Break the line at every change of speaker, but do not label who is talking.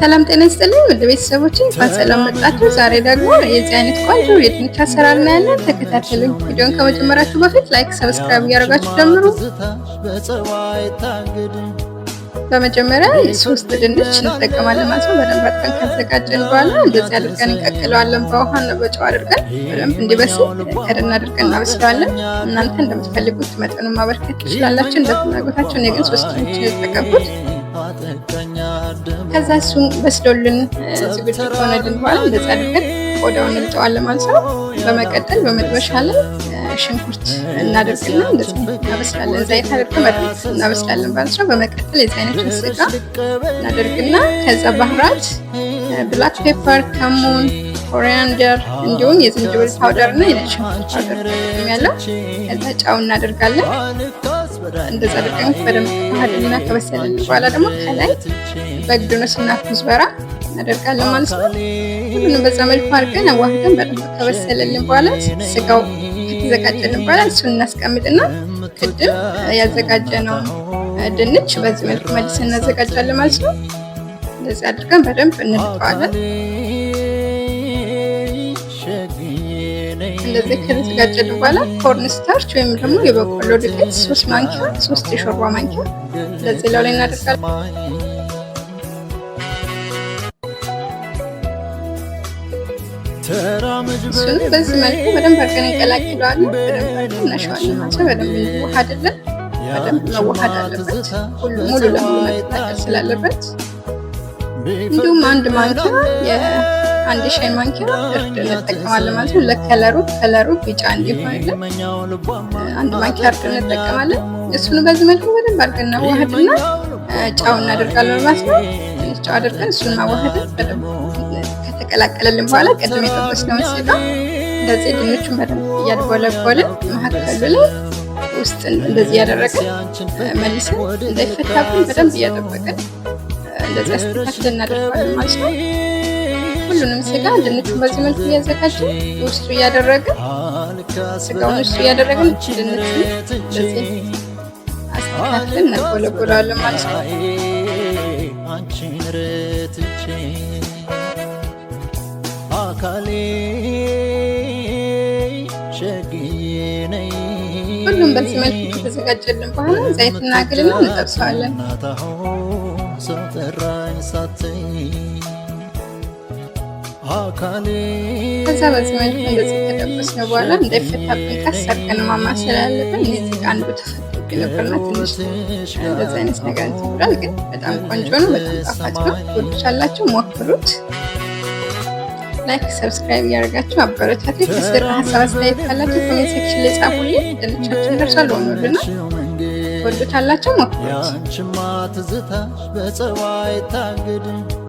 ሰላም ጤና ይስጥልኝ ወደ ቤተሰቦች እንኳን ሰላም መጣችሁ። ዛሬ ደግሞ የዚህ አይነት ቆንጆ የድንች አሰራር እናያለን። ተከታተሉኝ። ቪዲዮን ከመጀመራችሁ በፊት ላይክ፣ ሰብስክራይብ እያደረጋችሁ ጀምሩ። በመጀመሪያ ሶስት ድንች እንጠቀማለን ማለት ነው። በደንብ አድርገን ካዘጋጀን በኋላ እንደዚህ አድርገን እንቀቅለዋለን። ነው በጨው አድርገን በደንብ እንዲበስል ከደን አድርገን እናበስለዋለን። እናንተ እንደምትፈልጉት መጠኑን ማበርከት ትችላላችሁ፣ እንደፍላጎታችሁ። እኔ ግን ሶስት ድንች የተጠቀምኩት ከዛ እሱን በስሎልን ዝግጁ ከሆነልን በኋላ እንደዛ አድርገን ቆዳውን እንልጠዋለን ማለት ነው። በመቀጠል በመጥበሻ ላይ ሽንኩርት እናደርግና እንደዚ እናበስላለን። ዘይት አድርገን መጥበስ እናበስላለን ማለት ነው። በመቀጠል የዚ አይነት ስጋ እናደርግና ከዛ ባህራት ብላክ ፔፐር፣ ከሙን፣ ኮሪያንደር እንዲሁም የዝንጅብል ፓውደር እና የነጭ ሽንኩርት ፓውደር ያለው ከዛ ጫው እናደርጋለን። እንደዛ አድርገን በደንብ ባህልና ከበሰልን በኋላ ደግሞ ከላይ በግድኖችና ኩዝበራ እናደርጋለን ማለት ነው። ሁሉንም በዛ መልኩ አድርገን አዋህደን በደንብ ከበሰለልን በኋላ ስጋው ከተዘጋጀልን በኋላ እሱን እናስቀምጥና ቅድም ያዘጋጀነው ድንች በዚህ መልኩ መልስ እናዘጋጃለን ማለት ነው። እንደዚህ አድርገን በደንብ እንልጠዋለን። እንደዚህ ከተዘጋጀልን በኋላ ኮርን ስታርች ወይም ደግሞ የበቆሎ ዱቄት ሶስት ማንኪያ ሶስት የሾርባ ማንኪያ ለዚህ ላይ እናደርጋለን። እሱን በዚህ መልኩ በደንብ አድርገን እንቀላቅለዋለን። በደንብ አድርገን እናሸዋለን። ማለት በደንብ እንዋሃድለን። በደንብ መዋሃድ አለበት ሙሉ ለሙሉ መጠቃቀል ስላለበት እንዲሁም አንድ ማንኪያ አንድ ሻይ ማንኪያ እርድ እንጠቀማለን ማለት ነው። ለከለሩ ከለሩ ቢጫ እንዲሆንልን አንድ ማንኪያ እርድ እንጠቀማለን። እሱን በዚህ መልኩ በደንብ አድርገን እናዋህድና ጫው እናደርጋለን ማለት ነው። ጫው አድርገን እሱን ማዋህድን በደንብ ከተቀላቀለልን በኋላ ቅድም የጠበስነውን ስጋ እንደዚህ ድንቹን በደንብ እያድቦለቦልን መካከሉ ላይ ውስጥ እንደዚህ ያደረግን መልስን እንዳይፈታብን በደንብ እያጠበቅን እንደዚህ አስተካክለን እናደርጋለን ማለት ነው። ሁሉንም ስጋ ድንቹን በዚህ መልኩ እያዘጋጀ ውስጡ እያደረገ ስጋውን ውስጡ እያደረገ ድንቹ በዚህ አስተካክለን እናጎለጎለዋለን ማለት ነው። ሁሉም በዚህ መልክ ከተዘጋጀልን በኋላ ዘይትና ግልና እንጠብሰዋለን። ከዛ በዚህ መልኩ እንደዚህ ከጠበስነው በኋላ እንዳይፈታብን ቀስ አድርገን ማማስ ስላለብን እዚህ አንዱ ተፈቶብኝ ነበርና ትንሽ እንደዚህ አይነት ነገር እንትን ብሏል። ግን በጣም ቆንጆ ነው። በጣም ጣፋጭ ነው። ትወዱታላችሁ፣ ሞክሩት። ላይክ፣ ሰብስክራይብ እያደረጋችሁ አበረታቱ። ከስር ሀሳብ አስተያየት ካላችሁ ኮሜንት ሴክሽን ላይ ጻፉልኝ። ደርሷል። ሆኖልና ሞክሩት።